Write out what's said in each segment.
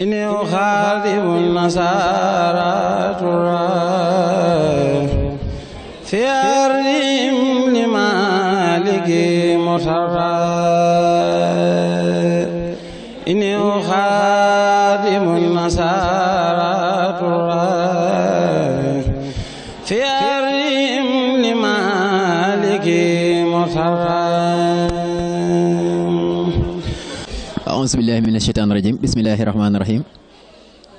إني أخاذب النصارى ترى في أرضهم لمالك مصرى إني أخاذب النصارى ترى aousubillahi min asheytan irajim bismillahi rahmani rahim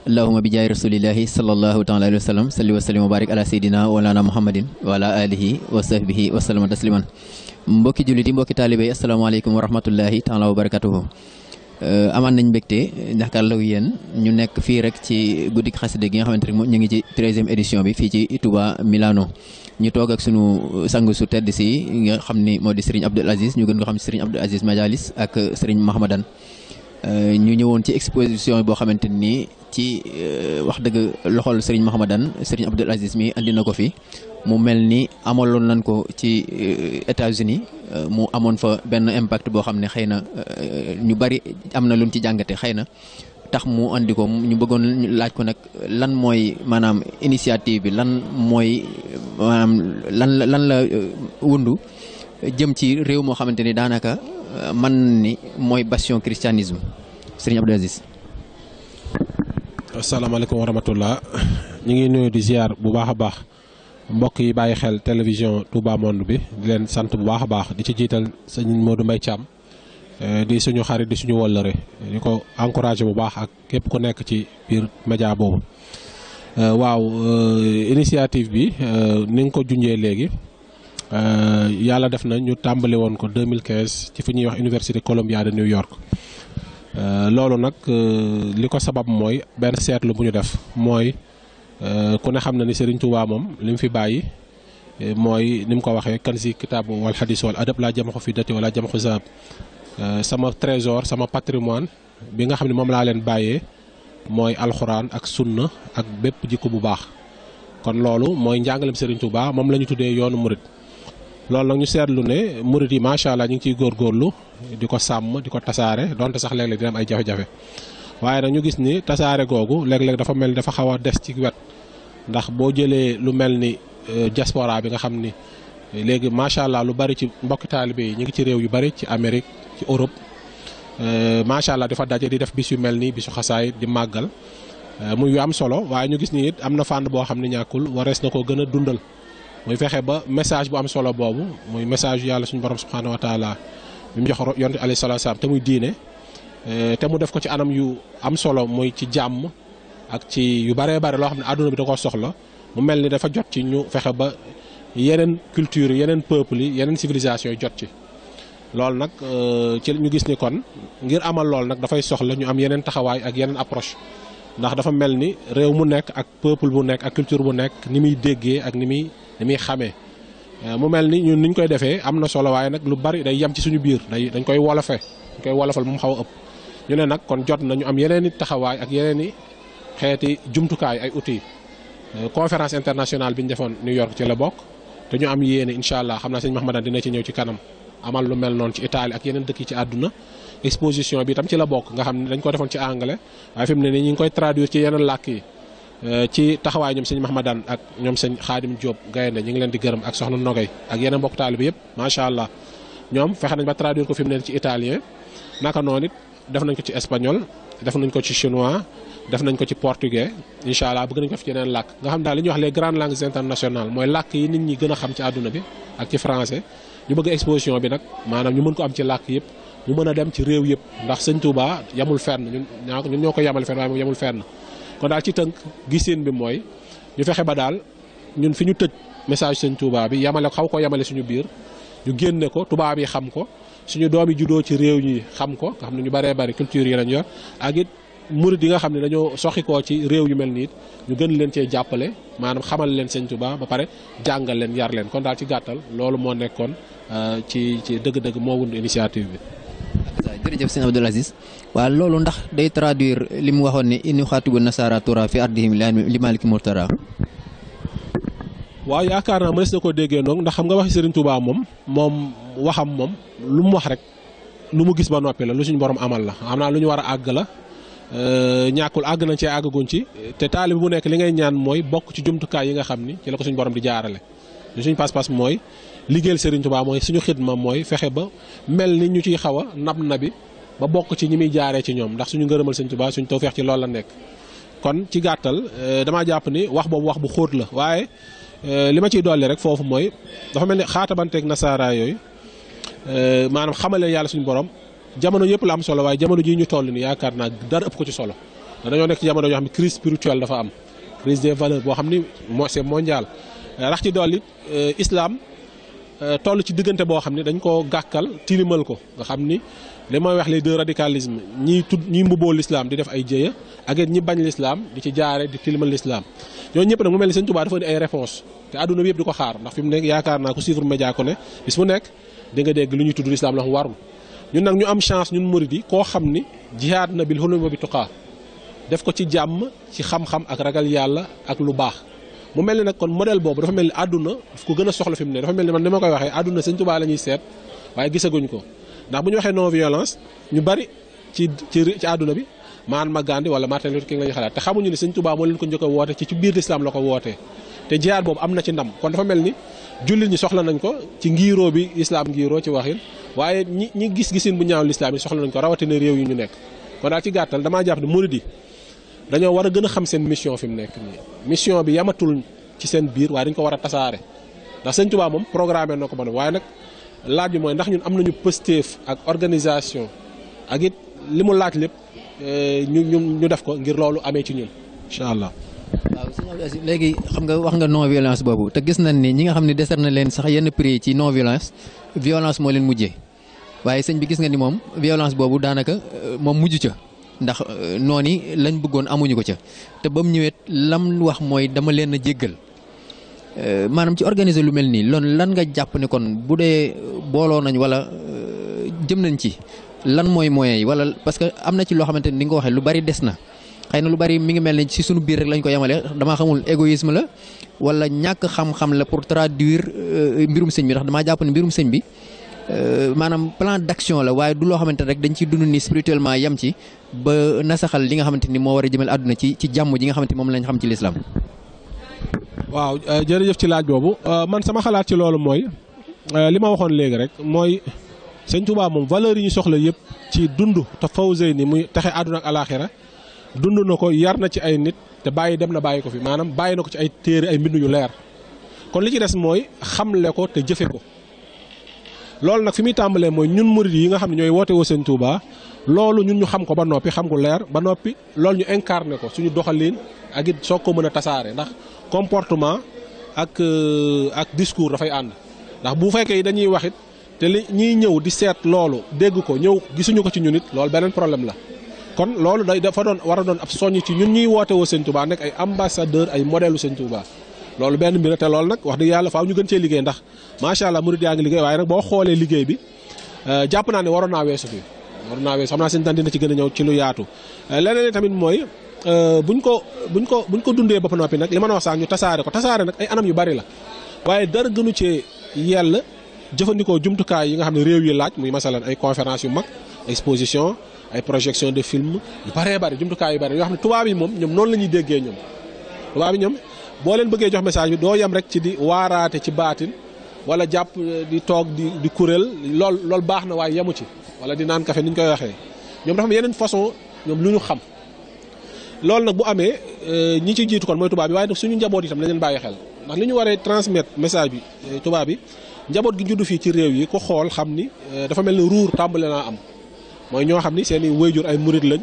allahuma bi jaay rasulillahi salallahu taala alihi wa sallam salli wa sallim wa barik ala seydina walana muhammadin wa ala alihi wa sahbihi wa sallama tasliman mbokki jullit yi mbokki taalibe yi asalaamaaleykum wa rahmatullahi taala wa barakatuhu euh, amaan nañ mbégte ñu nekk fii rek ci guddi xasida gi nga xamante ne ñu ngi ci treizième édition bi fii ci Touba Milano ñu toog ak sunu sang su tedd si nga ni moo di Serigne Abdoul Aziz ñu gën ko xam Serigne Abdoul Aziz Euh, ñu ñëwoon ci exposition boo xamante ni ci euh, wax dëgg loxol Serigne Mahamadan Serigne Abdoul Aziz mi andi na ko fi mu mel ni amaloon nañ ko ci euh, États-Unis mu amoon fa benn impact boo xam ne xëy na ñu bari am na lum ci jàngate xëy na tax mu indi ko ñu bëggoon laaj ko nag lan mooy maanaam initiative bi lan mooy maanaam lan lan la wundu jëm ci réew moo xamante ni daanaka. Euh, man na ni mooy bastion christianisme sëriñ Abdou Aziz. asalaamaaleykum ñu ngi nuyu di ziar bu baax a baax mbokk yi bàyyi xel télévision Touba Monde bi di leen sant bu baax a baax di ci jiital sëñ Modou Mbaye Thiam euh, di suñu xarit di suñu wëllëre di ko encouragé bu baax ak képp ku nekk ci biir média boobu. Euh, waaw initiative bi ni nga ko junjee léegi. Euh, yàlla def na ñu tàmbali woon ko 2015 ci fi ñuy wax université Columbia de New York euh, loolu nag euh, li ko sabab mooy benn seetlu bu ñu def mooy ku ne xam na ni Serigne Touba moom li mu fi bàyyi eh, mooy ni mu ko waxee kan si kitaabu wal xadis wal adab laa jamaxu fi dati wala jamaxu zahab sama trésor sama patrimoine bi nga xam ne moom laa leen bàyyee mooy alxuraan ak sunna ak bépp jikko bu baax kon loolu mooy njàngalem Serigne Touba moom la ñu tuddee yoonu murit loolu nag ñu seetlu ne murit yi macha allah ñu ngi ciy góorgóorlu di ko sàmm di ko tasaare donte sax léeg-léeg dina ay jafe waaye nag ñu gis ni tasaare googu léeg-léeg dafa mel ni dafa xaw a des ci wet ndax boo jëlee lu mel ni jasporaa euh, bi nga xam ni léegi macha allah lu bari ci mbokki taalibe yi ñu ngi ci réew yu bari ci Amérique ci Europe euh, macha allah dafa daje di def bis yu mel nii bisu xasaay di màggal euh, muy yu am solo waaye ñu gis ni it am na fànn boo xam ne ñàkkul warees na koo gën a dundal. muy fexe ba message bu am solo bobu muy message yàlla suñu borom subhanahu wa taala bim jox yonni ali sallallahu alayhi wasallam te muy diine euh te mu def ko ci anam yu am solo muy ci jàmm ak ci yu baree bare loo xam ne bi da koo soxla mu mel dafa jot ci ñu fexe ba yeneen culture yeneen peuples yi civilisation jot ci loolu nag ci ñu gis ni kon ngir amal nak da fay soxla ñu am yenen taxaway ak yenen approche ndax dafa mel ni réew mu nekk ak peuple bu nekk ak culture bu nekk ni muy déggee ak ni muy ni muy xamee euh, mu mel ni ñun niñ koy defee am na solo waaye nag lu bari day yem ci suñu biir day dañ koy wolofe dañ koy wolofal mu xaw a ëpp ñu ne nag kon jot nañu am yeneen i taxawaay ak yeneen i xeeti jumtukaay ay outils euh, conférence internationale bi ñu defoon New York ci la bokk te ñu am yéene incha allah xam naa sëñ Mahmadan dina ci ñëw ci kanam amal lu mel non ci Italie ak yenen dekk ci aduna exposition bi tam ci la bok nga xamni dañ ko defon ci anglais waaye fim ne ni ngi koy traduire ci yenen lakki euh, ci taxaway ñom seigne mahamadan ak ñom seigne khadim Diop gaynde ñi ngi leen di gërem ak soxna nogay ak yenen yeneen talib yeb ma sha allah ñom fexe nañ ba traduire ko fim ne ci italien naka nonit def nañ ko ci espagnol def nañ ko ci chinois def nañ ko ci portugais inshallah bëgg nañ ko fi ci yeneen làkk nga xam dal li ñu wax les grandes langues internationales moy làkk yi nit ñi gëna xam ci aduna bi ak ci français ñu bëgg exposition bi nag maanaam ñu mën ko am ci làkk yëpp mu mën a dem ci réew yëpp ndax sëñ Touba yamul fenn ñun ñun ñoo ko yamal fenn waaye moom yamul fenn kon daal ci tënk giseen bi mooy ñu fexe ba daal ñun fi ñu tëj message sëñ Touba bi yamale xaw ko yamale suñu biir ñu génne ko tubaab yi xam ko suñu doom yi juddoo ci réew ñi xam ko nga xam ne ñu bëree bëri culture yi lañ yor ak murid yi nga xamni dañu soxi ko ci rew yu mel nii ñu gën leen ci jappalé manam xamal leen sëñ touba ba paré jangal leen yar leen kon dal ci gattal loolu mo nekkon euh, ci ci deug deug mo wund initiative bi jërëjëf abdou Aziz wa loolu ndax day traduire limu waxone waxoon ne nasara tura fi ardihim li malik murtara wa yaakaar naa mënees na ko déggee nok ndax xam nga wax Serigne Touba mom mom waxam mom lu mu wax rek lu mu gis ba la lu suñu borom amal la amna lu ñu la Euh, ñàkkul àgg nañ cee àggaguñ ci te taalibe bu nekk li ngay ñaan mooy bokk ci jumtukaay yi nga xam ni ci la ko suñu borom di jaarale li suñu pas-pas mooy liggéeyal Serigne Touba mooy suñu xidma mooy fexe ba mel ni ñu ciy xaw a nab nabi ba bokk ci ñi muy jaaree ci ñoom ndax suñu ngërëmal Serigne Touba suñu tawfeex ci loolu la nekk kon ci gàttal euh, damaa jàpp ni wax boobu wax bu xóot la waaye euh, li ma ciy dolli rek foofu mooy dafa mel ni xaatabanteeg nasaara yooyu maanaam xamale yàlla suñu borom jamono yëpp la am solo waaye jamono ji ñu toll ni yaakaar naa dara ëpp ko ci solo dañoo nekk ci jamono yoo xam ne crise spirituelle am crise des valeurs boo xam ni moo c'est mondial rax ci dolli euh, islaam euh, toll ci diggante boo xam ne dañ koo gàkkal tilimal ko nga xam ni li may wax les deux radicalisme ñiy tudd ñiy mbubboo l'islam di def ay jéya ak it ñi bañ l'islam di ci jaare di tilimal l'islam ñooñu ñëpp nag mu mel ni Sëñ Tuubaa dafa indi ay réponse te àdduna bi yëpp di ko xaar ndax fi mu nekk yaakaar naa ku suivre média ko ne nga dégg lu ñuy tudd l'islam la xam ñun nag ñu am chance ñun murid yi koo xam ni jihaad na bi bil hulum bi tuqaa def ko ci jàmm ci xam-xam ak ragal yàlla ak lu baax mu mel ni nag kon modèle boobu dafa mel ni àdduna daf ko gën a soxla fi mu ne dafa mel ni man ni ma koy waxee àdduna sëñ Tuubaa la ñuy seet waaye gisaguñ ko ndax bu ñu waxee non violence ñu bari ci ci ci àdduna bi Mahatma Gandhi wala Martin Luther King la xalaat te xamuñu ni sëñ Tuubaa moo leen ko njëkk a woote ci ci biir lislaam la ko woote te jihaad boobu am na ci ndam kon dafa mel ni jullit ñi soxla nañ ko ci ngiiroo bi islam ngiiroo ci waxin waaye ñi ñi gis-gisin bu ñaaw lislaam yi soxla nañ ko rawatina réew yi ñu nekk kon daal ci gàttal damaa jàpp ne murid di dañoo war a gën a xam seen mission fi mu nekk nii mission bi yematul ci seen biir waaye dañ ko war a tasaare ndax sëñ Tuubaa moom programme na ko ba waaye nag laaj bi mooy ndax ñun am nañu pëstéef ak organisation ak it li mu laaj lépp eh, ñu ñu ñu def ko ngir loolu amee ci ñun incha allah. waaw léegi xam nga wax nga non violence boobu te gis nañ ni ñi nga xam ne na leen sax yenn prix ci non violence moo leen mujjee waaye sëñ bi gis nga ni moom violence boobu daanaka euh, moom mujj ca ndax euh, noonu lañ bëggoon amuñu ko ca te ba ñëweet ñëwee lam wax mooy dama leen a jéggal euh, maanaam ci organiser lu mel nii loolu lan nga jàpp ne kon bu dee booloo nañ wala jëm nañ ci lan mooy moyens yi wala parce que am na ci loo xamante ni nga ko waxee lu bari des na. xay na lu bari mi ngi mel ni ci sunu biir rek lañ ko yamale damaa xamul égoïsme la wala ñàkk xam-xam la pour traduire euh, mbirum sëñ bi ndax damaa jàpp ne mbirum sëñ bi euh, maanaam plan d'action la waaye du loo xamante rek dañ ciy dund ni spirituellement yem ci ba nasaxal li nga xamante ni moo war a jëmal àdduna ci ci jàmm ji nga xamante ni moom lañ xam ci lislaam waaw euh, jërëjëf ci laaj boobu man sama xalaat ci loolu mooy li ma waxoon léegi rek mooy sëñ Tuubaa moom valeur yi ñu soxla yëpp ci dund te fawsey ni muy taxe àdduna ak dund na ko yar na ci ay nit te bàyyi dem na bàyyi ko fi maanaam bàyyi na ko ci ay téere ay mbind yu leer kon li ci des mooy xamle ko te jëfe ko loolu nag fi muy tàmbalee mooy ñun murid yi nga xam ne ñooy woote woo seen Touba loolu ñun ñu xam ko ba noppi xam ko leer ba noppi loolu ñu incarné ko suñu doxaliin ak soo ko mën a tasaare ndax comportement ak euh, ak discours dafay ànd ndax bu fekkee dañuy wax it te li ñuy ñëw di seet loolu dégg ko ñëw gisuñu ko ci ñun it loolu beneen problème la. kon loolu day dafa doon war a doon ab soññ ci ñun ñuy woote woo Sëñ Touba nekk ay ambassadeur ay modèlu Sëñ Touba loolu benn mbir te lool nag wax dëgg yàlla faaw ñu gën cee liggéey ndax macha allah murid yaa ngi liggéey waaye nag boo xoolee liggéey bi euh, jàpp naa ne waroon naa weesu fi waroon naa weesu xam naa seen tan ci gën a ñëw ci lu yaatu euh, leneen tamit mooy euh, buñ ko buñ ko buñ ko dundee ba noppi nag li ma wax sax ñu tasaare ko tasaare nag ay anam yu bari la waaye dara gënu cee yell jëfandikoo jumtukaay yi nga xam ne réew yi laaj muy masalan ay conférence yu mag exposition ay projection de film yu bëree bëri jumtukaay yu bëri yoo xam ne tubaab yi moom ñoom noonu la ñuy déggee ñoom tubaab yi ñoom boo leen bëggee jox message bi doo yem rek ci di waaraate ci baatin wala jàpp euh, di toog di di kuréel lool baax na waaye yemu ci wala di naan kafe ni koy waxee ñoom dafa am yeneen façon ñoom lu ñu xam loolu nag bu amee euh, ñi ci jiitu kon mooy tubaab bi waaye nag suñu njaboot yi tam la leen bàyyi xel ndax li ñu waree transmettre message bi euh, tubaab yi njaboot gi juddu fii ci réew yi ko xool xam ni dafa mel ni ruur tàmbale naa am mooy ñoo xam ni seen i wéyjur ay murit lañ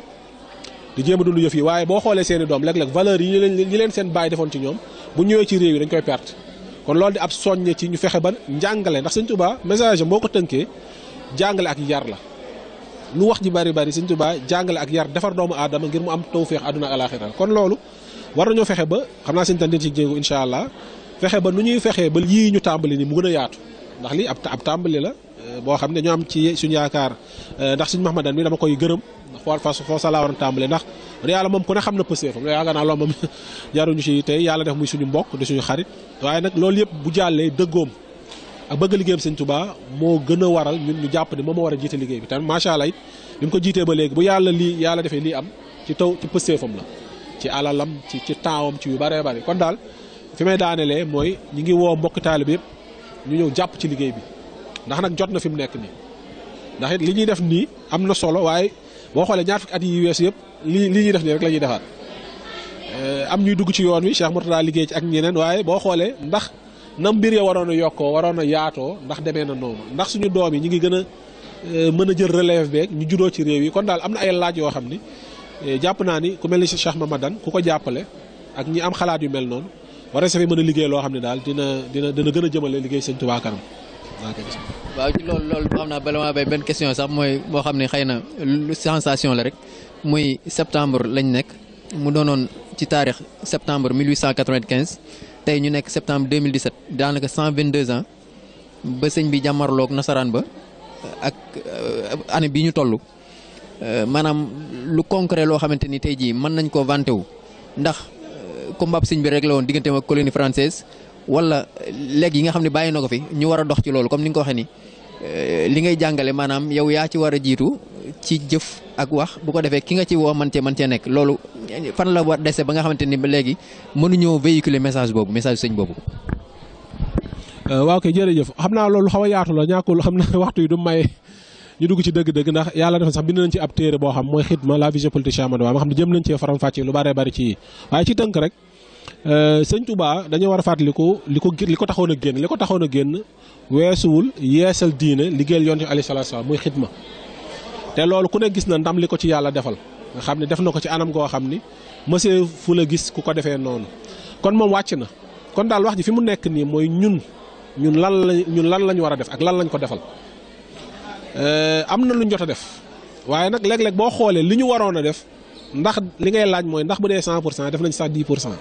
di jéem a dund yëf yi waaye boo xoolee seen doom léeg-léeg valeurs yi ñi leen seen bàyyi defoon ci ñoom bu ñëwee ci réew yi dañ koy perte kon loolu di ab soññe ci ñu fexe ba njàngale ndax sëñ Tuubaa message boo ko tënkee jàngale ak yar la lu wax ji bari bari sëñ Tuubaa jàngale ak yar defar doomu aadama ngir mu am tawféex àdduna alaaxira kon loolu war nañoo fexe ba xam naa sëñ tan ci jéego incha allah fexe ba nu ñuy fexee ba yii ñu tàmbali ni mu gën a yaatu ndax lii ab ab tàmbali la euh, boo xam ne ñoo am ci suñu yaakaar euh, ndax suñu Mahmadan mi dama koy gërëm xool fa foo sa laa waroon tàmbali ndax yàlla moom ku ne xam na pëseefam yaakaar naa loolu moom jaruñu tey yàlla def muy suñu mbokk di xarit waaye nag loolu yëpp bu jàllee dëggoom ak bëgg Sëñ Tuubaa moo gën a waral ñun ñu jàpp ne moom moo war a jiite liggéey bi tam macha allah ko jiitee ba léegi bu yàlla lii yàlla defee lii am ci taw ci pëseefam la ci alalam ci ci taawam ci yu bëree bëri kon daal fi may daanelee mooy ñu ngi wow mbokk taalib yëpp ñu ñëw jàpp ci liggéey bi ndax nag jot na fi mu nekk nii ndax it li ñuy def nii am na solo waaye boo xoolee ñaar fukki at yi weesu yëpp li li ñuy def nii rek la ñuy defaat eh, am ñuy dugg ci yoon wi Cheikh Mourtada liggéey ci ak ñeneen waaye boo xoolee ndax na mbir ya waroon a yokkoo waroon a yaatoo ndax demee na noonu ndax suñu doom yi ñu ngi gën a eh, mën a jël relève beeg ñu judoo ci réew yi kon daal am na ay laaj yoo xam ni eh, jàpp naa ni ku mel ni Cheikh Mamadan ku ko jàppale ak ñi am xalaat yu mel noonu war a mën a liggéey loo xam ne daal dina dina gën a jëmale liggéey sëñ Tuubaa kanam waaw ci loolu loolu xam naa bala maa bay benn question sax mooy moo xam ne xëy na lu sensation la rek muy septembre lañ nekk mu doonoon ci taarix septembre 1895 tey ñu nekk septembre 2017 daanaka 122 ans ba sëñ bi jàmmarloog nasaraan ba ak euh, année bi ñu toll euh, maanaam lu concret loo xamante ni tey jii mën nañ koo vanté ndax combat sëñ bi rek woon diggante ak colonie française wala léegi yi nga xam ne bàyyi na ko fi ñu war dox ci loolu comme ni nga ko euh, li ngay jàngale maanaam yow yaa ci war a jiitu ci jëf ak wax bu ko defee ki nga ci woo man cee man cee nekk loolu fan la war dese ba nga xamante ni ba léegi mënuñoo véhiculer message boobu message sëñ boobu. Euh, waaw kay jërëjëf xam naa loolu xaw a yaatu la ñàkkul xam naa waxtu yi du may. ñu dugg ci dëgg-dëgg ndax yàlla dafa sax bind nañ ci ab téere boo xam mooy xitma la vision politique Cheikh Amadou Bamba nga xam ne jëm nañ cee faram fàcce lu bëree bëri ci waaye ci tënk rek euh, sëñ Touba dañoo war a fàttaliku li ko li ko taxoon a génn li ko taxoon a génn weesuwul yeesal diine liggéeyal yoon ci alayhi salaatu salaam muy te loolu ku ne gis na ndam li ko ci yàlla defal nga xam ne def na ko ci anam goo xam ni monsieur fu la gis ku ko defee noonu kon moom wàcc na kon daal wax ji fi mu nekk nii mooy ñun ñun lan la ñun lan lañu war a def ak lan lañ ko defal Euh, am na lu ñu jot def waaye nag léeg-léeg boo xoolee li ñu waroon a def ndax li ngay laaj mooy ndax bu dee 100 pour cent def nañ sax 10 pour cent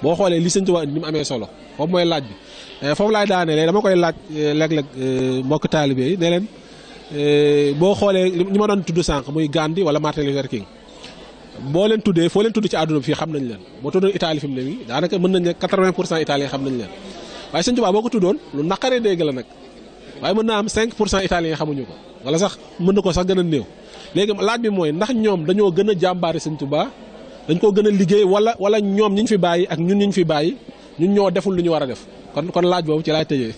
boo xoolee li sëñ Tuubaa indi mu amee solo foofu mooy laaj bi euh, foofu laay daanee dama koy laaj euh, léeg-léeg mbokk taalibe yi ne leen boo xoolee ñi ma doon tudd sànq muy Gandhi wala Martin Luther King boo leen tuddee foo leen tudd ci àdduna bi fii xam nañ leen boo tuddoon Italie fi mu ne nii daanaka mën nañ ne 80 pour cent italien xam nañ leen waaye sëñ Tuubaa boo ko tuddoon lu naqaree dégg la nag. waaye mën naa am 5 pour cent italien xamuñu ko wala sax mën na ko sax gën a néew léegi laaj bi mooy ndax ñoom dañoo gën a jàmbaari Sëñ Tuubaa dañ koo gën a liggéey wala wala ñoom ñu ñu fi bàyyi ak ñun ñi ñu fi bàyyi ñu ñoo deful lu ñu war a def kon kon laaj boobu ci laay tëjee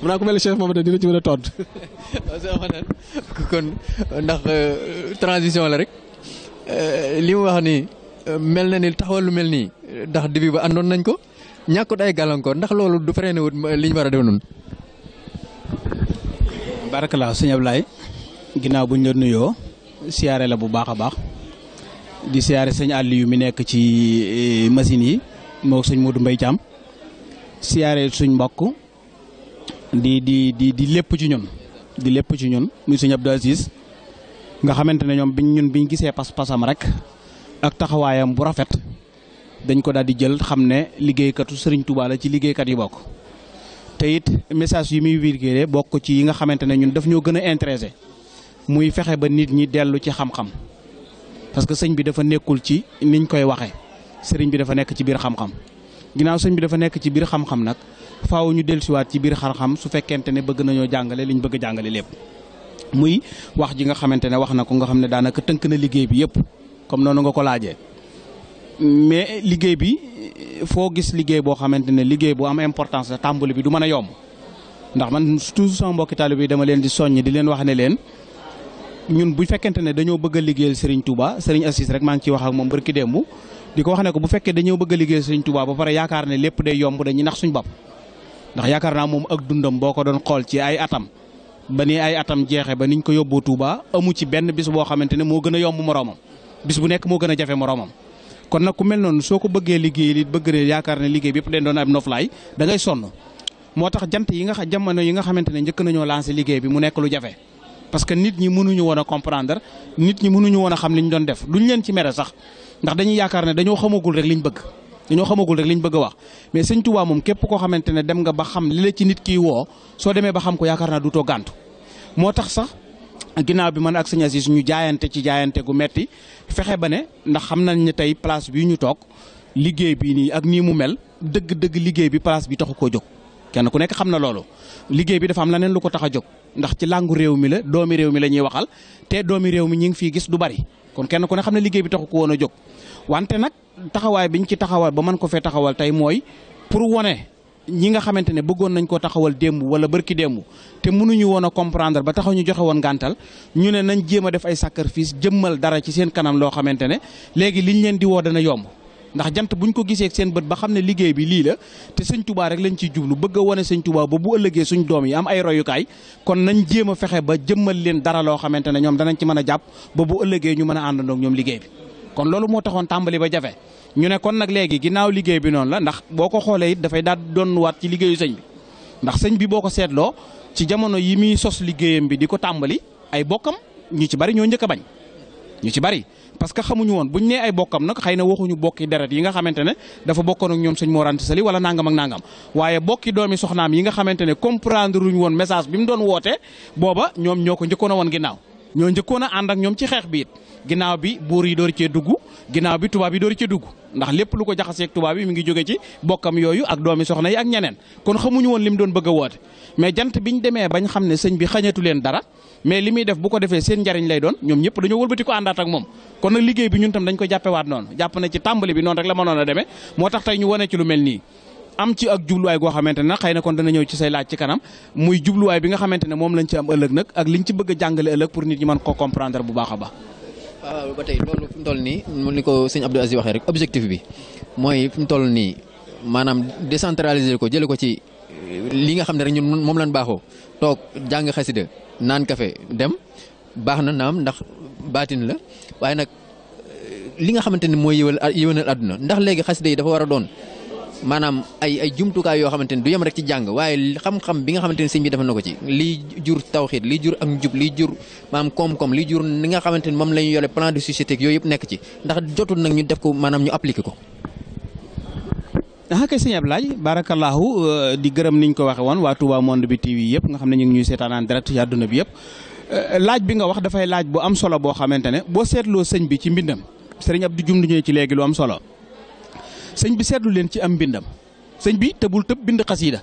mun naa ko mel ne chef Mamadou dina ci mën a tontu. kon ndax euh, transition la rek euh, li mu wax nii mel na ni taxawal lu mel nii ndax début ba àndoon nañ ko ñàkkut ay gàllankoor ndax loolu du freiné wut euh, li ñu war a def noonu. barakallah sëñ Ablaye ginnaaw bu ñu la nuyoo siaré la bu baax di siyaare sëñ Aliou mi nek ci eh, machine yi moo seigne Modou mbey diam siaré suñ mbokk di di di di lepp ci ñun di lepp ci ñun muy seigne Abdou Aziz nga xamantene ñom biñ ñun biñ gisé pass passam rek ak taxawayam bu rafet dañ ko daal di jël xam liggéey liggéeykatu Serigne Touba la ci kat yi bokk te it message yi muy virgule bokk ci yi nga xamante ne ñun daf ñoo gën a intéressé muy fexe ba nit ñi dellu ci xam-xam parce que sëñ bi dafa nekkul ci niñ koy waxee sëriñ bi dafa nekk ci biir xam-xam ginnaaw sëñ bi dafa nekk ci biir xam-xam nag faaw ñu dellusiwaat ci biir xam-xam su fekkente ne bëgg nañoo jàngale liñ bëgg a jàngale lépp muy wax ji nga xamante ne wax na ko nga xam ne daanaka tënk na liggéey bi yëpp comme noonu nga ko laajee. mais liggéey bi foo gis liggéey boo xamante ne liggéey bu am importance la tàmbali bi du man a yomb ndax man toujours sama mbokki taalibe bi dama leen di soññ di leen wax ne leen ñun bu fekkente ne dañoo bëgg a liggéeyal Serigne Touba Serigne Assis rek maa ngi ciy wax ak moom barki dembu di ko wax ne ko bu fekkee dañoo bëgg a liggéeyal Serigne Touba ba pare yaakaar ne lépp day yomb dañuy nax suñu bopp ndax yaakaar naa moom ak dundam boo ko doon xool ci ay atam ba ni ay atam jeexe ba niñ ko yóbboo Touba amu ci benn bis boo xamante ne moo gën a yomb moroomam bis bu nekk moo gën a jafe moroomam kon na ku mel noonu soo ko bëggee liggéey li bëgg rek yaakaar ne liggéey bi yëpp den doon am noflaay da sonn moo tax jant yi nga xam jamono yi nga xamante ne njëkk nañoo lancé liggéey bi mu nekk lu jafe parce que nit ñi mënuñu woon a comprendre nit ñi mënuñu woon a xam li ñu doon def duñ leen ci mere sax ndax dañuy yaakaar ne dañoo xamagul rek liñ bëgg dañoo xamagul rek liñ bëgg a wax mais sëñ Tuubaa moom képp koo xamante ne dem nga ba xam li la ci nit kii woo soo demee ba xam ko yaakaar naa du too moo tax sax ginnaaw bi man ak sëñ Aziz ñu jaayante ci jaayante gu metti fexe ba ne ndax xam nañ ne tey place bii ñu toog liggéey bii nii ak nii mu mel dëgg-dëgg liggéey bi place bi taxu koo jóg. kenn ku nekk xam na loolu liggéey bi dafa am leneen lu ko tax a jóg ndax ci làngu réew mi la doomi réew mi la ñuy waxal te doomi réew mi ñi ngi fii gis du bari kon kenn ku ne xam na liggéey bi taxu ko woon a jóg wante nag taxawaay biñ ci taxawal ba man ko fee taxawal tey mooy pour wone ñi nga xamante ne bëggoon nañ koo taxawal démb wala bërki démb te mënuñu woon a comprendre ba taxaw ñu joxe woon gàntal ñu ne nañ jéema a def ay sacrifice jëmmal dara ci seen kanam loo xamante ne léegi liñ leen di woo dana yomb ndax jant buñ ko gisee seen bët ba xam ne liggéey bi lii la te sëñ tubaa rek lañ ciy jublu bëgg a wane sëñ tubaa ba bu ëllëgee suñ doom yi am ay royukaay kon nañ jéem a fexe ba jëmmal leen dara loo xamante ne ñoom danañ ci mën a jàpp ba bu ëllëgee ñu mën a àndandoog ñoom liggéey bi loolu moo taxoon tàmbali ba jafe ñu ne kon nag léegi ginnaaw liggéey bi noonu la ndax boo ko xoolee it dafay daal doon waat ci liggéeyu sëñ bi ndax sëñ bi boo ko seetloo ci jamono yi muy sos liggéeyam bi di ko tàmbali ay bokkam ñu ci bari ñoo njëkk bañ ñu ci bari parce que xamuñu woon buñ nee ay xëy na waxuñu bokki deret yi nga xamante ne dafa bokkoon ak ñoom sëñ Mor Anta Sali wala nangam ak nangam waaye bokki doomi soxnaam yi nga xamante ne comprendre luñ woon message bi mu doon woote booba ñoom ñoo ko njëkkoon a woon ginnaaw ñoo njëkkoon a ànd ak ñoom ci xeex bi ginnaaw bi buur yi door cee dugg ginnaaw bi tubaab yi door cee dugg ndax lépp lu ko jaxaseeg tubaab yi mi ngi jóge ci bokkam yooyu ak doomi soxna yi ak ñeneen kon xamuñu woon lim doon bëgg a woote mais jant ñu demee bañ xam ne sëñ bi xañatu leen dara mais li muy def bu ko defee seen njariñ lay doon ñoom ñëpp dañoo wëlbati ko àndaat ak moom kon nag liggéey bi ñun tam dañ ko jàppewaat noonu jàpp na ci tàmbali bi noonu rek la mënoon a demee moo wane ci lu mel nii am ci ak jubluwaay xamante ne xëy na kon dana ñëw ci say laaj ci kanam muy jubluwaay bi nga xamante ne moom lañ ci am ëllëg nag ak liñ ci bëgg a jàngale ëllëg pour ñi mën ko comprendre bu baax a waaw ba tey loolu fi nii mu ni ko sëñ Abdou Aziz waxee rek objectif bi mooy fu mu toll nii maanaam décentraliser ko jële ko ci euh, li nga xam ne rek ñun moom lañ baaxoo toog jàng xasida naan kafe dem baax na naam ndax baatin la waaye nag euh, li nga xamante ni mooy yëwal yëwanal àdduna ndax léegi xasida yi dafa war a doon manam ay ay jumtukaay yoo xamante ni du yam rek ci jang waye xam-xam bi nga xamanteni ni bi defal nako ci li jur tawhid li jur ak njub li jur manam kom kom li jur ni nga xamanteni mom lañu la plan de société yooyu yëpp nek ci ndax jotul nak ñu def ko manam ñu appliquer ko haka seigne ablaye barakallahu euh, di gërem niñ ko waxe won wa touba monde bi tv yep nga xamne ñu ngi ñuy sétane direct ci aduna bi yep euh, laaj bi nga wax da fay laaj bu am solo bo xamanteni bo sétlo seigne bi ci mbindam serigne abdou djum ñu ci légui lu am solo sëñ bi seetlu leen ci am mbindam sëñ bi tëbul tëb bind xasiida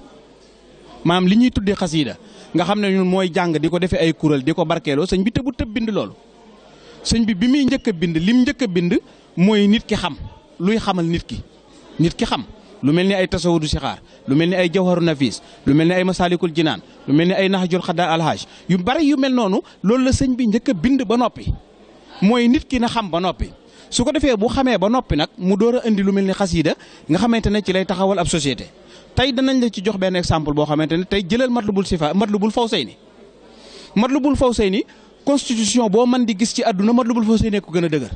maam li ñuy tuddee xasiida nga xam ne ñun mooy jàng di ko defee ay kuréel di ko barkeeloo sëñ bi tëbul tëb bind loolu. sëñ bi bi muy njëkk bind lim njëkk a bind mooy nit ki xam luy xamal nit ki nit ki xam lu mel ni ay tasawudu sixaar lu mel ni ay jawharu nafis lu mel ni ay masaalikul jinaan lu mel ni ay naxjul xadaa alhaj yu bari yu mel noonu loolu la sëñ bi njëkk a bind ba noppi mooy nit ki na xam ba noppi. su ko defee bu xamee ba noppi nag mu door a indi lu mel ni xasiida nga xamante ne ci lay taxawal ab société tey danañ la ci jox benn exemple boo xamante ne tey jëlal Matlabul Sifa Matlabul Fawsayni say ni constitution boo mën di gis ci àdduna Matlabul Fawsayni ko gën a dëgër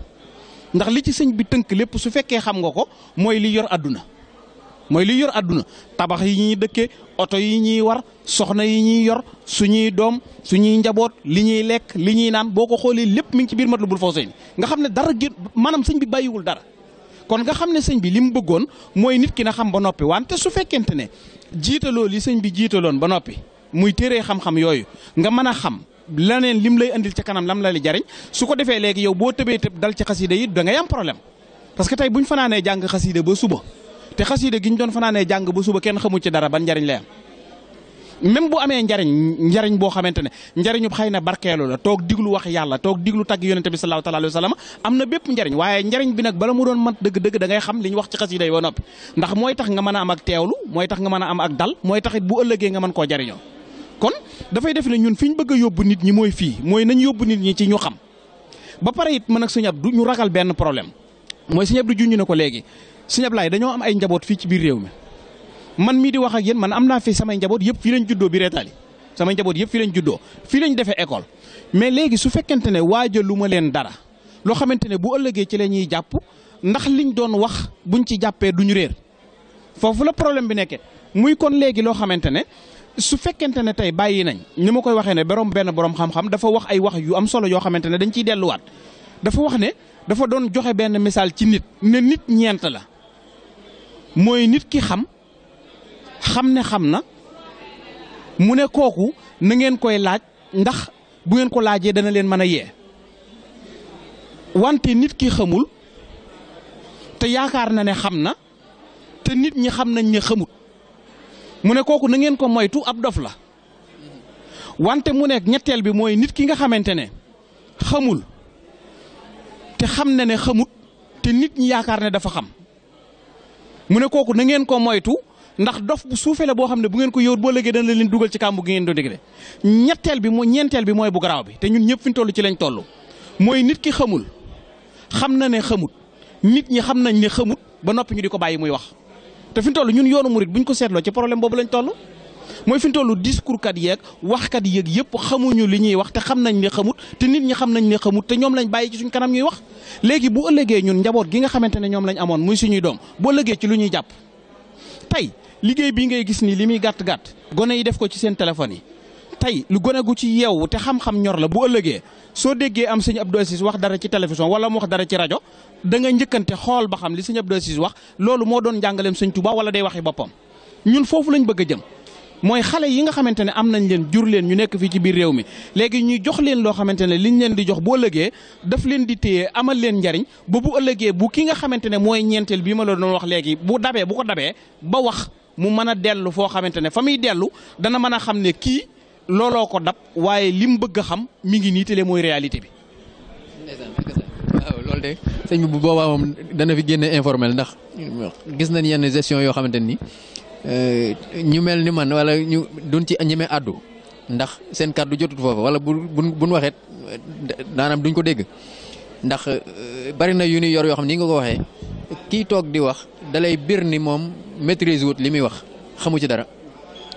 ndax li ci sëñ bi tënk lépp su fekkee xam nga ko mooy li yor àdduna mooy liy yor àdduna tabax yi ñuy dëkke oto yi ñuy war soxna yi ñuy yor su suñuy doom su suñuy njaboot li ñuy lekk li ñuy naan boo ko xoolee lépp mi ngi ci biir Matlabul Fawzayni nga xam ne dara gén maanaam sëñ bi bàyyiwul dara kon nga xam ne sëñ bi li mu bëggoon mooy nit ki na xam ba noppi wante su fekkente ne jiitaloo li sëñ bi jiitaloon ba noppi muy téere xam-xam yooyu nga mën a xam leneen lim lay andil ca kanam lam la li jariñ su ko defee léegi yow boo tëbee tëb dal ci xasida yi da ngay am problème que tey buñ fanaanee jàng xasida ba suba te xasida giñ doon fanaanee jang bu suba kenn xamu ci dara ban jariñ la même bu amé njariñ njariñ bo xamantene ne njariñu xëy na la tok diglu wax yalla tok diglu tag yonente bi sallallahu alaihi wa amna am na njariñ njariñ bi nak bala mu doon mat deug deug da ngay xam liñ wax ci xasida yo nopi ndax moy tax nga mëna am ak teewlu moy tax nga mëna am ak dal moy tax it bu ëllëgé nga mëna ko jariño kon fay def ni ñun fiñ bëgg a nit ñi moy fi moy nañ yóbbu nit ñi ci ñu xam ba paré it man ak señ abdou ñu ragal ben problème moy señ abdou juñu nako légui sëñ Ablaye dañoo am ay njaboot fii ci biir réew mi man mii di wax ak yéen man am naa fi samay njaboot yëpp fii lañ juddoo bi reetaali samay njaboot yëpp fii lañ juddoo fii lañ defee école mais léegi su fekkente ne waajaluma leen dara loo xamante ne bu ëllëgee ci la ñuy jàpp ndax liñ doon wax buñ ci jàppee duñu réer foofu la problème bi nekkee muy kon léegi loo xamante ne su fekkente ne tey bàyyi nañ ni ma koy waxee ne borom benn borom xam dafa wax ay wax yu am solo yoo xamante ne dañ ciy delluwaat dafa wax ne dafa doon joxe benn misaal ci nit ne ñeent la. mooy nit ki xam xam ne xam na mu ne kooku na ngeen koy laaj ndax bu ngeen ko laajee dana leen mën a yee wante nit ki xamul te yaakaar na ne xam na te nit ñi xam nañ ne xamut mu ne kooku na ngeen ko moytu ab dof la wante mu nekk ñetteel bi mooy nit ki nga xamante ne xamul te xam na ne xamut te nit ñi yaakaar ne dafa xam mu ne kooku na ngeen ko moytu ndax dof bu suufee la boo xam ne bu ngeen ko yóor boo léegi dana leen dugal ci kàmb gi ngeen doon dégg de ñetteel bi mooy ñeenteel bi mooy bu garaaw bi te ñun ñëpp fi ñu ci lañ toll mooy nit ki xamul xam na ne xamut nit ñi xam nañ ne xamut ba noppi ñu di ko bàyyi muy wax te fi ñu ñun yoonu murit bu ñu ko seetloo ci problème boobu lañ toll mooy fi ñu toll discours kat yeeg waxkat yeeg yëpp xamuñu li ñuy wax te xam nañ ne xamut te nit ñi xam nañ ne xamut te ñoom lañ bàyyi ci suñ kanam ñuy wax léegi bu ëllëgee ñun njaboot gi nga xamante ne ñoom lañ amoon muy suñuy doom bu ëllëgee ci lu ñuy jàpp tey liggéey bii ngay gis nii li muy gàtt gàtt gone yi def ko ci seen téléphone yi tey lu gone gu ci yeewu te xam-xam ñor la bu ëllëgee soo déggee am sëñ Abdou Aziz wax dara ci télévision wala mu wax dara ci rajo da nga njëkkante xool ba xam li sëñ Abdou wax loolu moo doon njàngaleem sëñ Touba wala day waxi boppam ñun foofu lañ bëgg a jëm mooy xale yi nga xamante ne am nañ leen jur leen ñu nekk fii ci biir réew mi léegi ñu jox leen loo xamante ne liñ leen di jox bu ëllëgee daf leen di téye amal leen njariñ ba bu ëllëgee bu ki nga xamante ne mooy ñeenteel bii ma la doon wax léegi bu dabee bu ko dabee ba wax mu mën a dellu foo xamante ne fa muy dellu dana mën a xam ne kii looloo ko dab waaye li mu bëgg a xam mi ngi nii tele mooy réalité bi. waaw loolu de sëñ bi bu boobaa moom dana fi génne informel ndax gis nañ yenn gestion yoo xamante ni Euh, ñu mel ni man wala ñu duñ ci a ñeme àddu ndax seen kàddu jotut foofa wala bu bu buñ waxeet daanaam duñ ko dégg ndax euh, bari na yu ni yor yoo xam ni nga ko waxee kii toog di wax dalay bir ni moom maitrise wut li muy wax xamu ci dara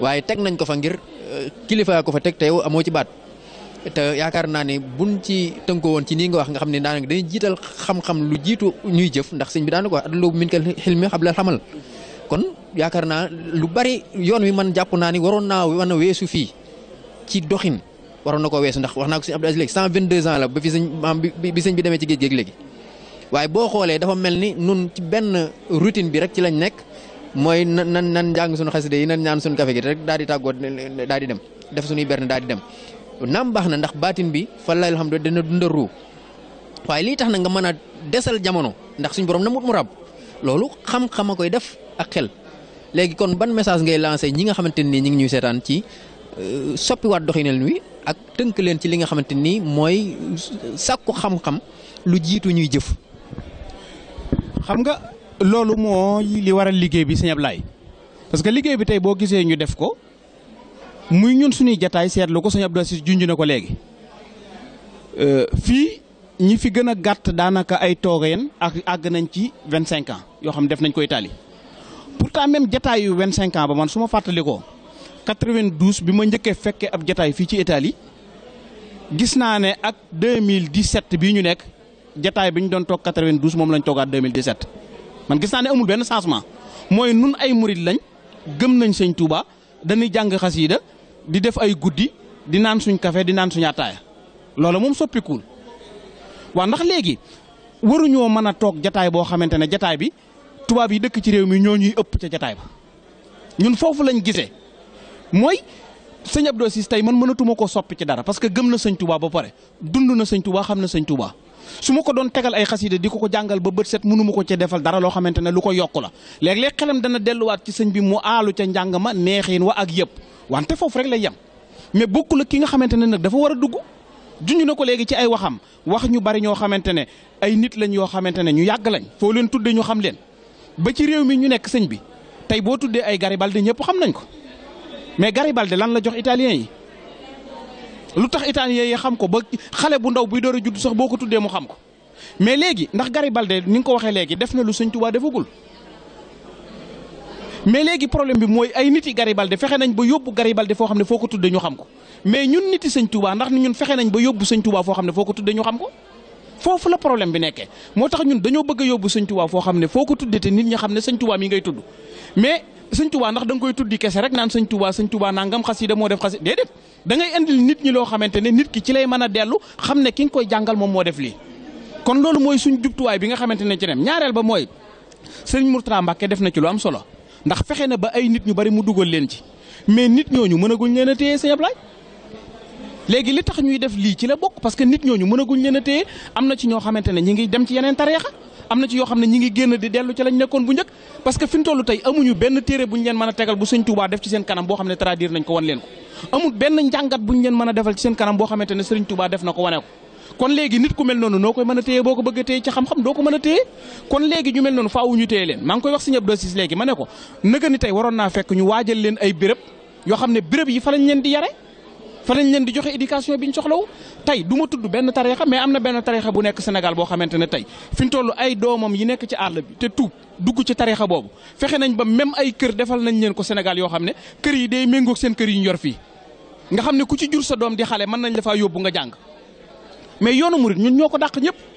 waaye teg nañ ko fa ngir euh, kilifa ko fa teg te yow amoo ci baat te yaakaar naa ne buñ ci tënkoo woon ci nii nga wax nga xam ne daanaka dañuy jiital xam-xam lu jiitu ñuy jëf ndax sëñ bi daana ko wax adduloo bu min ko xil xablal xamal kon yaakaar naa lu bari yoon wi man jàpp naa ni waroon naa wan a weesu fii ci doxin waroon na ko weesu ndax wax naa ko sëñ Abdou Aziz léegi cent vingt deux la ba fi sëñ maam bi sëñ bi demee ci géej géej léegi waaye boo xoolee dafa mel ni nun ci benn routine bi rek ci lañ nekk mooy nan nan nan jàng suñu xaside yi nan ñaan suñu café gi rek daal di tàggoo daal di dem def suñuy berne daal di dem naam baax na ndax baatin bi falaay alhamdulilah dina dunda ruu waaye lii tax na nga mën a desal jamono ndax suñu borom na mut mu rab loolu xam-xam a koy def ak xel léegi kon ban message ngay lancé ñi nga xamante nii ñi ngi ñuy seetaan ci euh, soppiwaat doxinel wi ak tënk leen ci li nga xamante nii mooy sakku xam-xam lu jiitu ñuy jëf. xam nga loolu mooy li waral liggéey bi sëñ Ablaye parce que liggéey bi tey boo gisee ñu def ko muy ñun suñuy jataay seetlu ko sëñ Abdou Assis junj na ko léegi euh, ñi fi gën a gàtt daanaka ay toogeen ak àgg nañ ci vingt cinq yoo xam def nañ ko Italie pourtant même jataayu vingt cinquant ans ba man su ma fàttalikoo 92 bi ma njëkkee fekkee ab jataay fii ci Italie gis naa ne ak 2017 bii ñu nekk jataay bi ñu doon toog 92 moom lañ toogaat 2017 man gis naa ne amul benn changement mooy nun ay murit lañ gëm nañ sëñ Touba dañuy jàng xasiida di def ay guddi di naan suñ kafe di naan suñ ataaya loolu moom soppikuwul waaw ndax léegi waruñoo mën a toog jataay boo xamante ne jataay bi tubaab yi dëkk ci réew mi ñoo ñuy ëpp ca jataay ba ñun foofu lañu gisee mooy sëñ Abdou Ciss tey man mënatuma ko soppi ci dara parce que gëm na sëñ tubaa ba pare dund na sëñ Touba xam na sëñ Touba su ma ko doon tegal ay xasida di ko ko jàngal ba bët set mënuma ko ca defal dara loo xamante ne lu ko yokku la léeg-léeg xelam dana delluwaat ci sëñ bi mu aalu ca njàng ma neexin wa ak yëpp wante foofu rek lay yem mais bokku la ki nga xamante ne nag dafa war dugg junj na ko léegi ci ay waxam wax ñu bari ñoo xamante ne ay nit lañ yoo xamante ne ñu yàgg lañ foo leen tudde ñu xam leen ba ci réew mi ñu nekk sëñ bi tey boo tuddee ay Garibaldi ñëpp xam nañ ko mais Garibaldi lan la jox italien yi lu tax italien yi xam ko ba xale bu ndaw buy door a judd sax boo ko tuddee mu xam ko mais léegi ndax Garibaldi ni nga ko waxee léegi def na lu sëñ Tuubaa defagul. mais léegi problème bi mooy ay nit yi Garibaldi fexe nañ ba yóbbu Garibaldi foo xam ne foo ko tuddee ñu xam ko mais ñun niti sëñ Touba ndax ñun fexe nañ ba yóbbu sëñ Touba foo xam ne foo ko tudde ñu xam ko foofu la problème bi nekkee moo tax ñun dañoo bëgg yóbbu sëñ Touba foo xam ne foo ko tudde te nit ñi xam ne sëñ Touba mi ngay tudd mais sëñ Touba ndax da nga koy tuddi kese rek naan sëñ Touba sëñ Touba nangam xasida moo def xasida déedéet da ngay indil nit ñi loo xamante ne nit ki ci lay mën a dellu xam ne ki nga koy jàngal moom moo def lii kon loolu mooy suñ jubtuwaay bi nga xamante ne ci ñaareel ba mooy sëriñ Mourtala Mbacke def na ci lu am solo ndax fexe na ba ay nit ñu bari mu dugal leen ci mais nit ñooñu mën a leen a téye sëñ Ablaye léegi li tax ñuy def lii ci la bokk parce que nit ñooñu mënaguñ leen a téye am na ci ñoo xamante ne ñi ngi dem ci yeneen tariixa am na ci yoo xam ne ñi ngi génn di dellu ci lañ nekkoon bu njëkk parce que fi ñu toll tey amuñu benn téere bu ñu leen mën a tegal bu ci seen kanam boo xam ne traduire nañ ko wan leen ko amul benn njàngat bu ñu leen mën a defal ci seen kanam boo xamante ne sëriñ Touba def na ko wane ko kon léegi nit ku mel noonu noo koy mën a téye boo ko bëgg a téye ci xam-xam doo ko mën a téye kon léegi ñu mel noonu faawu ñu téye leen maa ngi koy wax sëñ ko nëga ni tey waroon naa fekk ay béréb yoo xam ne béréb yi fa lañ leen di yare fa lañ leen di joxe éducation bi ñu soxlawu tey du ma tudd benn tarixa mais am na benn tarixa bu nekk senegal boo xamante ne tey fi toll ay doomam yi nekk ci àll bi te tuub dugg ci tarixa boobu fexe nañ ba même ay kër defal nañ leen ko Sénégal yoo xam ne kër yi day méngoog seen kër yi ñu yor fii nga xam ne ku ci jur sa doom di xale mën nañ la faa yóbbu nga jàng mais yoonu murit ñun ñoo ko dàq ñëpp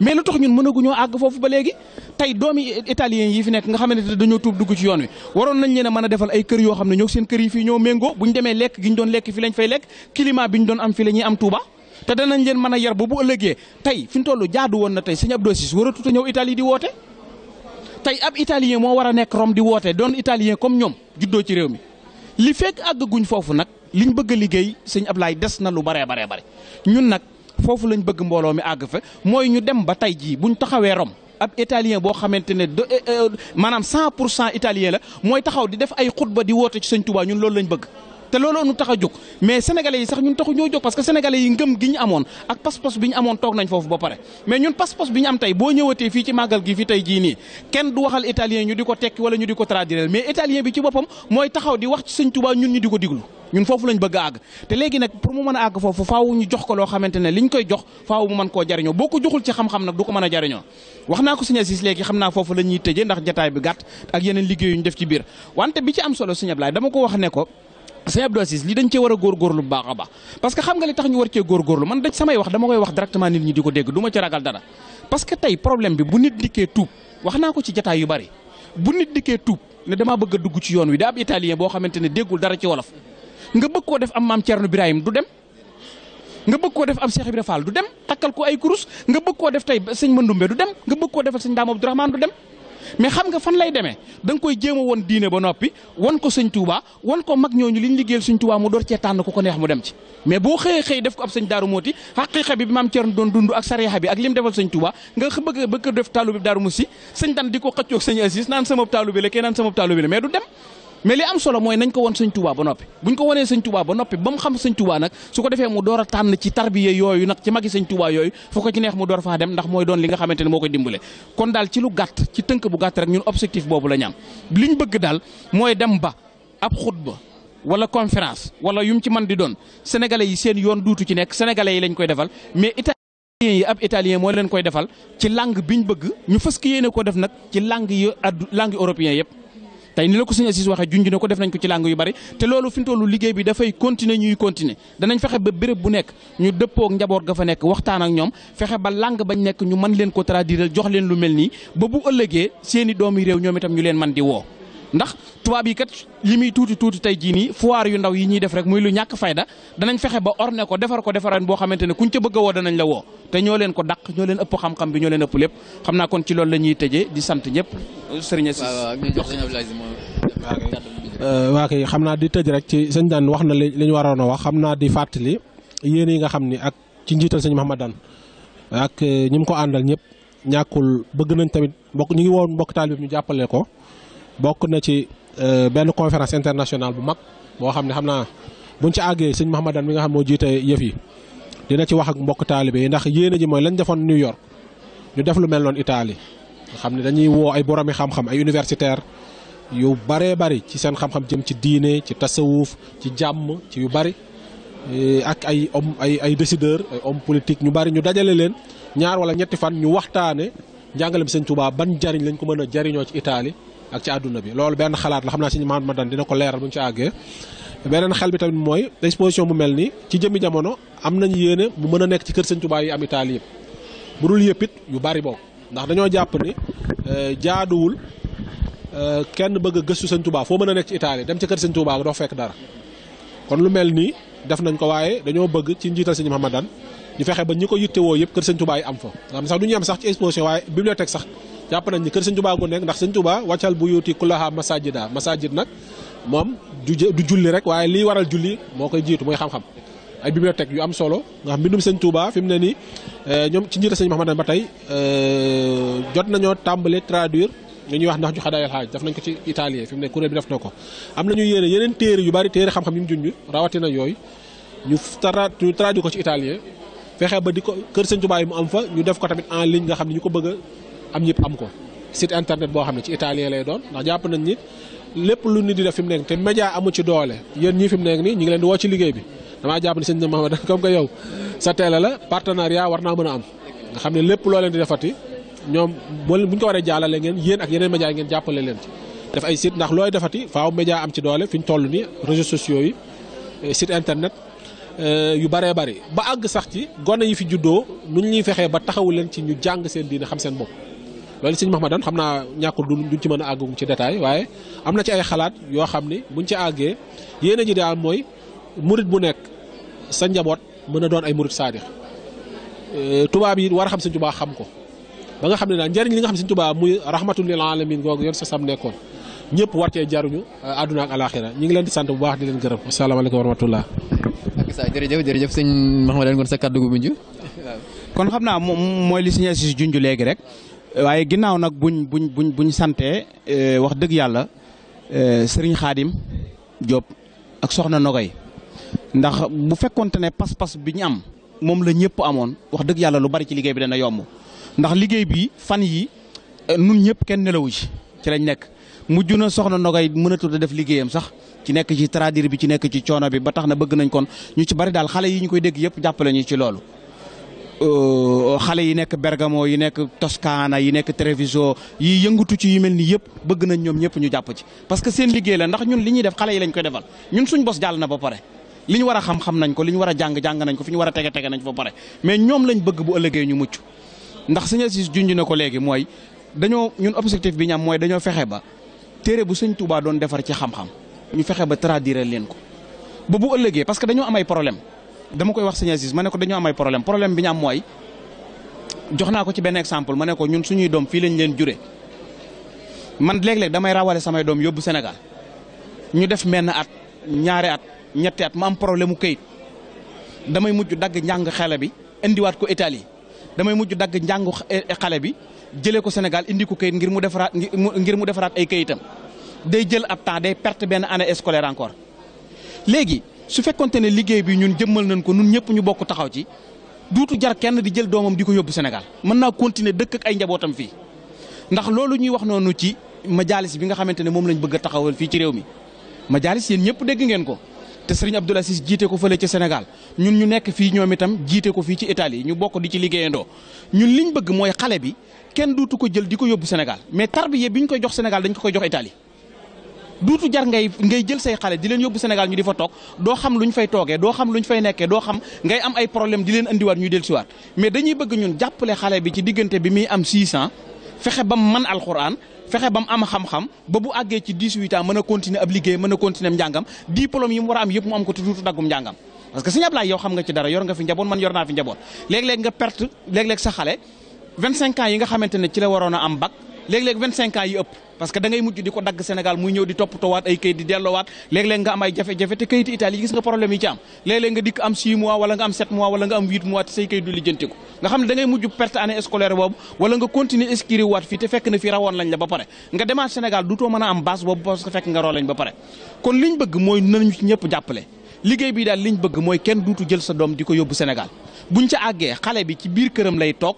mais lu tax ñun mënaguñoo àgg foofu ba léegi tey doomi italiens yi fi nekk nga xamante ne dañoo tuub dugg ci yoon wi waroon nañ leen a mën a defal ay kër yoo xam ne ñoo seen kër yi fii ñoo méngoo bu ñu demee lekk gi ñu doon lekk fi lañ fay lekk climat bi ñu doon am fi la ñuy am Touba te danañ leen mën a yar ba bu ëllëgee tey fi ñu toll jaadu woon na tey sëñ Abdou Ciss waratu ñëw Italie di woote tey ab italien moo war a nekk Rome di woote doon italien comme ñoom juddoo ci réew mi li fekk àgg foofu nag liñ bëgg a liggéey sëñ Ablaye des na lu baree baree bare ñun nag foofu lañ bëgg mbooloo mi àgg fa mooy ñu dem ba tey jii buñ taxawee Rome ab italien boo xamante ne de euh, euh, maanaam cent pour cent italien la mooy taxaw di def ay xutba di woote ci sëñ Tuubaa ñun loolu lañ bëgg te looloo nu tax a jóg mais sénégalais yi sax ñun taxu ñoo jóg parce que sénégalais yi ngëm gi ñu amoon ak pas-pas bi ñu amoon toog nañ foofu ba pare mais ñun pas-pas bi ñu am tey boo ñëwatee fii ci màggal gi fi tey jii nii kenn du waxal ñu di ko tekki wala ñu di ko traduire mais italien bi ci boppam mooy taxaw di wax ci sëñ ñun ñu di ko diglu ñun foofu lañ bëgg a àgg te léegi nag pour mu mën a àgg foofu faaw ñu jox ko loo xamante ne liñ koy jox faaw mu mën koo jariñoo boo ko joxul ci xam-xam nag du ko mën a jariñoo wax naa ko Sëñ Aziz léegi xam naa foofu la ñuy tëjee ndax jataay bi gàtt ak yeneen liggéey yu ñu def ci biir wante bi ci am solo Sëñ Ablaye dama ko wax ne ko Sëñ Abdou Aziz li war a góorgóorlu bu baax a baax parce que xam nga li tax ñu war cee góorgóorlu man dañ samay wax dama koy wax directement di ko dégg du ma ci ragal dara parce que tey problème bi bu nit dikkee tuub wax naa ko ci jataay yu bari bu nit dikkee tuub bëgg dugg ci wi daa ab italien boo ne déggul dara ci wolof nga bëgg koo def am maam Thierno Birahim du dem nga bëgg koo def am Cheikh Ibrahima Fall du dem takkal ko ay kurus nga bëgg koo def tey sëñ Mandoumbe du dem nga bëgg koo defal sëñ Daam Abdourahmane du dem mais xam nga fan lay demee da nga koy jéem a woon diine ba noppi won ko sëñ Touba won ko mag ñooñu liñ liggéeyal sëñ Touba mu door cee tànn ko ko neex mu dem ci mais boo xëyee xëy def ko ab sëñ Daaru Mooti bi bi maam Thierno doon dund ak sariixa bi ak lim defal sëñ Touba nga bëgg bëgg def taalu bi Daaru Musi sëñ dan di ko xëccoog sëñ Aziz naan sama taalu bi la mais li am solo moy nañ ko won seigne Touba ba nopi buñ ko woné seigne Touba ba nopi bam xam seigne Touba nak suko ko mu doora tan ci tarbiyé yoyu nak ci magi seigne Touba yoyu fu ci neex mu door fa dem ndax moy doon li nga xamanteni moko dimbulé kon dal ci lu gatt ci teunk bu gatt rek ñun objectif bobu la ñam liñ bëgg dal moy dem ba ab khutba wala conférence wala yum ci man di doon sénégalais yi seen yoon duutu ci sénégalais yi lañ koy defal mais italien yi ab italien mo leen koy defal ci langue biñ bëgg ñu fess ki yéene ko def nak ci langue yu langue européen yépp tey ni la ko sëñ waxe waxee junj na ko def nañ ko ci làng yu bari te loolu fi liggéey bi dafay continuer ñuy continuer danañ fexe ba béréb bu nekk ñu dëppook njaboot ga fa nekk waxtaan ak ñoom fexe ba làng bañ nekk ñu mën leen ko traduire jox leen lu mel nii ba bu ëllëgee seeni doomi réew ñoom itam ñu leen man di woo ndax tubaab yi kat li muy tuuti tuuti tey jii nii foire yu ndaw yi ñuy def rek muy lu ñàkk fayda danañ fexe ba orne ko defar ko defaraan boo xamante ne kuñ ca bëgg a woo danañ la woo te ñoo leen ko dàq ñoo leen ëpp xam-xam bi ñoo leen ëpp lépp xam naa kon ci loolu la ñuy tëjee di sant ñëpp sëriñ si euh, waa kay xam naa di tëj rek ci sëñ wax na li ñu waroon a wax xam naa di fàttali yéen yi nga xam ni ak ci njiital sëñ Mahamadan ak euh, ñi mu ko àndal ñëpp ñàkkul bëgg nañ tamit mbokk ñu ngi woon mbokk taalibe ñu jàppale ko bokk na ci euh, benn conférence internationale bu mag boo xam ne xam naa buñ ci àggee sëñ Mahamadan mi nga xam moo jiite yëf yi dina ci wax ak mbokk taalibe yi ndax yéene ji mooy lañ defoon New York ñu def lu mel noonu Italie nga xam ne dañuy woo ay boromi xam-xam ay universitaire yu bëree bëri ci seen xam-xam jëm ci diine ci tasawuf ci jàmm ci yu bëri eh, ak ay om ay ay décideurs ay ñu bëri ñu dajale leen ñaar wala ñetti fan ñu waxtaane njàngalem sëñ Tuubaa ban jariñ lañ ko mën a jariñoo ci Italie ak ci àdduna bi loolu benn xalaat la xam naa si maanaam ma dan dina ko leeral bu ñu ci àggee beneen xel bi tamit mooy exposition bu mel nii ci jëmmi jamono am nañ yéene mu mën a nekk ci kër Sëñ yi am Italie yëpp bu yëpp it yu bari boobu ndax dañoo jàpp ni euh, euh, kenn bëgg a gëstu Sëñ Tuubaa foo mën a nekk ci Italie dem ci kër Sëñ Tuubaa doo fekk dara kon lu mel nii def nañ ko waaye dañoo bëgg ci njiital Sëñ Mahamadan ñu fexe ba ñi ko yittewoo yëpp kër Sëñ Tuubaa yi am fo nga xam ne du ñu am sax ci exposition waaye bibliothèque sax jàpp nañ ni kër sëñ jubaa gu nekk ndax sëñ Touba wàccal bu yuuti kulaha masajida masajid nag moom du du julli rek waaye liy waral julli moo koy jiitu mooy xam-xam ay bibliothèque yu am solo nga xam mbindum sëñ fi mu ne nii eh, ñoom ci njiita sëñ Mouhamadou ba tey eh, jot nañoo tàmbale traduire li ñuy wax ndax ju xadaayal def nañ ko ci italien fi mu ne kuréel bi ko am nañu yéene yeneen téere yu bari téere xam-xam yu mu junj rawatina yooyu ñu ñu traduire ko ci italien fexe ba di ko kër sëñ Touba yi mu am fa ñu def ko tamit en ligne nga xam ne ñu ko bëgg am ñëpp am ko site internet boo xam ne ci italien lay doon ndax jàpp nañ ni lépp lu nit di def fi mu nekk te média amu ci doole yéen ñii fi nekk nii ñu ngi leen di woo ci liggéey bi damaa jàpp ne sëñ Mahamad comme que yow sa télé la partenariat war naa mën a am nga xam ne lépp loo leen di defati ñoom bu ñu ko waree jàllale ngeen yéen ak yeneen média ngeen jàppale leen ci def ay site ndax looy defati faaw média am ci doole fi ñu toll nii réseaux sociaux yi eh, site internet eh, yu baree bari ba àgg sax ci gone yi fi juddoo nu ñuy fexee ba taxawu leen ci ñu jàng seen diine xam seen bopp loolu seigne Mahmadan Hamna nyakur ñàkkul du duñ ci mëna aggu ci détail waye amna ci ay xalaat yo xamni buñ ci aggé ji daal moy bu nek sa njabot mëna doon ay sadiq euh tuba yi war xam seigne tuba xam ko ba nga xamni ne jarign li nga xam seigne tuba muy rahmatul lil alamin gog yor sa sam nekkon ñepp war cee jaruñu aduna euh, ak alaxira ñi ngi leen di sant bu baax di leen gërëm alaykum wa rahmatullah ak sa jërëjëf jërëjëf kon sa kaddu bu mujj kon xamna moy li seigne Assis legi rek waaye ginnaaw nag buñ buñ buñ buñ santee eh, wax dëgg yàlla eh, sëriñ xaadim Diop ak soxna Nogay ndax bu fekkonte ne pas-pas bi ñu am moom la ñëpp amoon wax dëgg yàlla lu bari ci liggéey bi dana yomb ndax liggéey bi fan yi eh, nun ñëpp kenn nelawu ci ci lañ nekk mujj na soxna Nogay mënatul a def liggéeyam sax ci nekk ci traduire bi ci nekk ci coono bi ba tax na bëgg nañ kon ñu ci bari daal xale yi ñu koy dégg yëpp jàppale ñu ci loolu. Euh, xale yi nekk Bergamo yi nekk Toscana yi nekk Treviso yi yëngatu ci yu mel ni yëpp bëgg nañ ñoom ñëpp ñu jàpp ci parce que seen liggéey la ndax ñun li ñuy def xale yi lañ koy defal ñun suñ bos jàll na ba pare li ñu war a xam-xam nañ ko li ñu war a jàng-jàng nañ ko fi ñu war a tege-tege nañ ko pare mais ñoom lañ bëgg bu ëllëgee ñu mucc ndax sëñ Assis junj na ko léegi mooy dañoo ñun objectif bi ñam mooy dañoo fexe ba téere bu suñ tuubaa doon defar ci xam ñu fexe ba traduire leen ko ba bu ëllëgee parce que dañoo am ay problème dama koy wax sëñ ma ne ko dañoo am ay problème problème bi ñu am mooy jox naa ko ci benn exemple ma ne ko ñun suñuy doom fii lañ leen jure man léeg-léeg damay rawale samay doom yóbbu Sénégal ñu def menn at ñaari at ñetti at ma am problème mu këyit damay mujj dagg njàng xale bi indiwaat ko itali damay mujj dagg njàngu xale bi jëlee ko Sénégal indi ko këyit ngir mu defaraat ngir mu defaraat ay këyitam day jël ab temps day perte benn année scolaire encore léegi. su fekkonte ne liggéey bi ñun jëmmal nañ ko ñun ñëpp ñu bokk taxaw ci duutu jar kenn di jël doomam di ko yóbbu senegal mën naa continuer dëkk ak njabootam fii ndax loolu ñuy wax noonu ci majaalis bi nga xamante ne moom lañ bëgg taxawal fii ci réew mi majaalis yéen ñëpp dégg ngeen ko te Serigne Abdoul Aziz jiite ko fële ci Sénégal ñun ñu nekk fii ñoom itam jiite ko fii ci Italie ñu bokk di ci liggéeyandoo ñun liñ bëgg mooy xale bi kenn duutu ko jël di ko yóbbu Sénégal mais tarbiye bi ñu koy jox Sénégal dañ ko koy jox Italie dutu jar ngay ngay jël say xalé di len yobbu Sénégal ñu difa tok do xam luñ fay toogee do xam luñ fay nekké do xam ngay am ay problème di len andi wat ñu del ci wat mais dañuy bëgg ñun jappalé xalé bi ci digënté bi mi am 600 fexé bam man alcorane fexé bam am xam-xam ba bu aggé ci 18 ans mëna continuer ab liggéey mëna a continuer njàngam diplôme yi mu wara am yépp mu am ko tuddu duutu daggum njàngam parce que Serigne Ablaye yow xam nga ci dara yor nga fi njabon man yor na fi njabon lég lég nga perte lég lég sa xalé 25 ans yi nga xamante ci la warona am bac lég lég 25 ans yi ëpp parce que da mujj di ko dagg Sénégal muy ñëw di toppatoowaat ay kayit di delloowaat léeg-léeg nga am ay jafe-jafe te kayiti Italie yi nga problème yi ci am léeg nga dikk am 6 mois nga am 7 mois wala nga am 8 mois te say kayit du lijjanti ko nga xam ne da ngay mujj perte année scolaire boobu wala nga continuer inscrire waat fii te fekk na fii rawoon lañ la ba pare nga demaat Sénégal du too mën a am base boobu parce que fekk nga roo lañ ba pare kon bëgg mooy nañu ci ñëpp jàppale liggéey sa doom di ko yóbbu Sénégal buñ ca àggee xale bi ci biir këram lay toog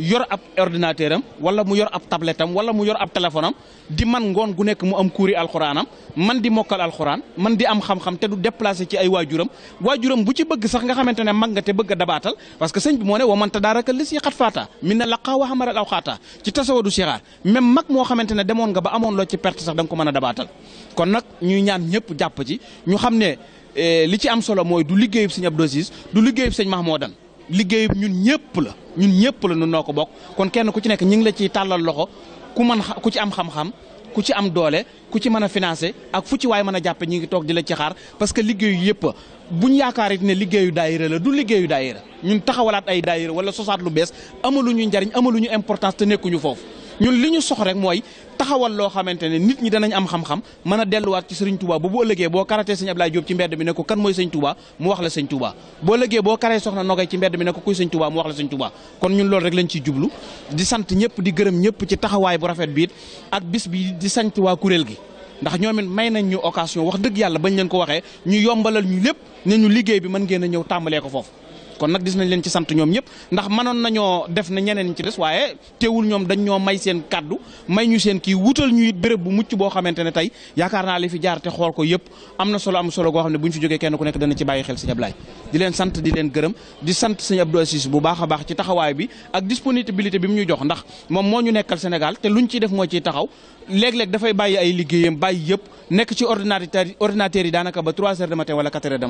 yor ab ordinateram am wala mu yor ab tablette am wala mu yor ab téléphone di man ngoon gu nekk mu am kuuri alxuraanam man di mokkal alxuraan man di am xam-xam te du déplacé ci ay waajuram waajuram bu ci bëgg sax nga xamante ne mag nga te bëgg a dabaatal parce que sëñ bi moo ne wa man tadaaraka li si xat faata min na laqaa wa xamaral aw xaata ci tasawadu sixaar même mag moo xamante ne demoon nga ba amoon loo ci perte sax da ko mën a dabaatal kon nag ñuy ñaan ñëpp jàpp ci ñu xam ne eh, li ci am solo mooy du liggéeyub sëñ Abdou Aziz du liggéeyub sëñ Mahmoudan liggéey ñun ñëpp la ñun ñëpp la ñun noo ko bokk kon kenn ku ci nekk ñu ngi la ciy tàllal loxo ku mën ku ci am xam-xam ku ci am doole ku ci mën a financé ak fu ci waay mën a jàppe ñu ngi toog di la ci xaar parce que liggéeyu yëpp buñ yaakaar it ne liggéeyu daayira la du liggéeyu daayira ñun taxawalaat ay daayira wala sosaat lu bees ñu njariñ amaluñu importance te nekkuñu foofu ñun li ñu sox rek mooy taxawal loo xamante ne nit ñi danañ am xam-xam mën a delluwaat ci sëriñ Touba ba bu ëllëgee boo karatee sëñ Ablaye Diop ci mbedd mi ne ko kan mooy sëñ Touba mu wax la sëñ Touba boo ëllëgee boo karee soxna Nogay ci mbedd mi ne ko kuy sëñ Touba mu wax la sëñ kon ñun loolu rek lañ ciy jublu di sant ñëpp di gërëm ñëpp ci taxawaay bu rafet biit ak bis bi di sant waa kuréel gi ndax ñoom it may nañ ñu occasion wax dëgg yàlla bañ leen ko waxee ñu yombalal ñu lépp ne ñu liggéey bi mën ngeen a ñëw tàmbalee ko foofu kon nag gis nañ leen ci sant ñoom ñëpp ndax mënoon nañoo def ne ñeneen ñi ci des waaye teewul ñoom dañ ñoo may seen kàddu may ñu seen kii wutal ñuy bërëb bu mucc boo xamante ne tey yaakaar naa li fi jaar te xool ko yëpp am na solo am solo goo xam ne bu ñu fi jógee kenn ku nekk dana ci bàyyi xel sëñ Ablaye di leen sant di leen gërëm di sant sëñ Abdou bu baax baax ci taxawaay bi ak disponibilité bi mu ñu jox ndax moom moo ñu nekkal Sénégal te luñ ci def moo ciy taxaw léeg-léeg dafay bàyyi ay liggéeyam bàyyi yëpp nekk ci ordinateur ordinateur yi daanaka ba 3 heures de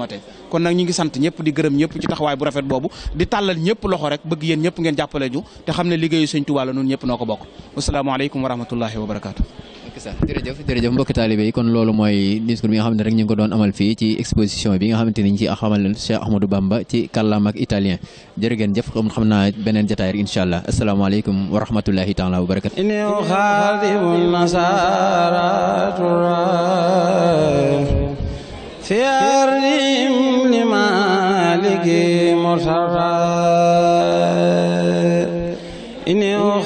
ñu ngi sant ñëpp di gërëm bu rafet rafet bobu di talal ñepp loxo rek bëgg yeen ñepp ngeen jappalé ñu té xamné ligéyu liggéeyu Touba la ñun ñepp noko bokk wasalaamaaleykum wa rahmatullahi wa jërëjëf jërëjëf amal ci exposition bi nga ci xamal Bamba ci ak italien jëf xam jotaay rek rahmatullahi taala wa barakatuh ini مرسلا إني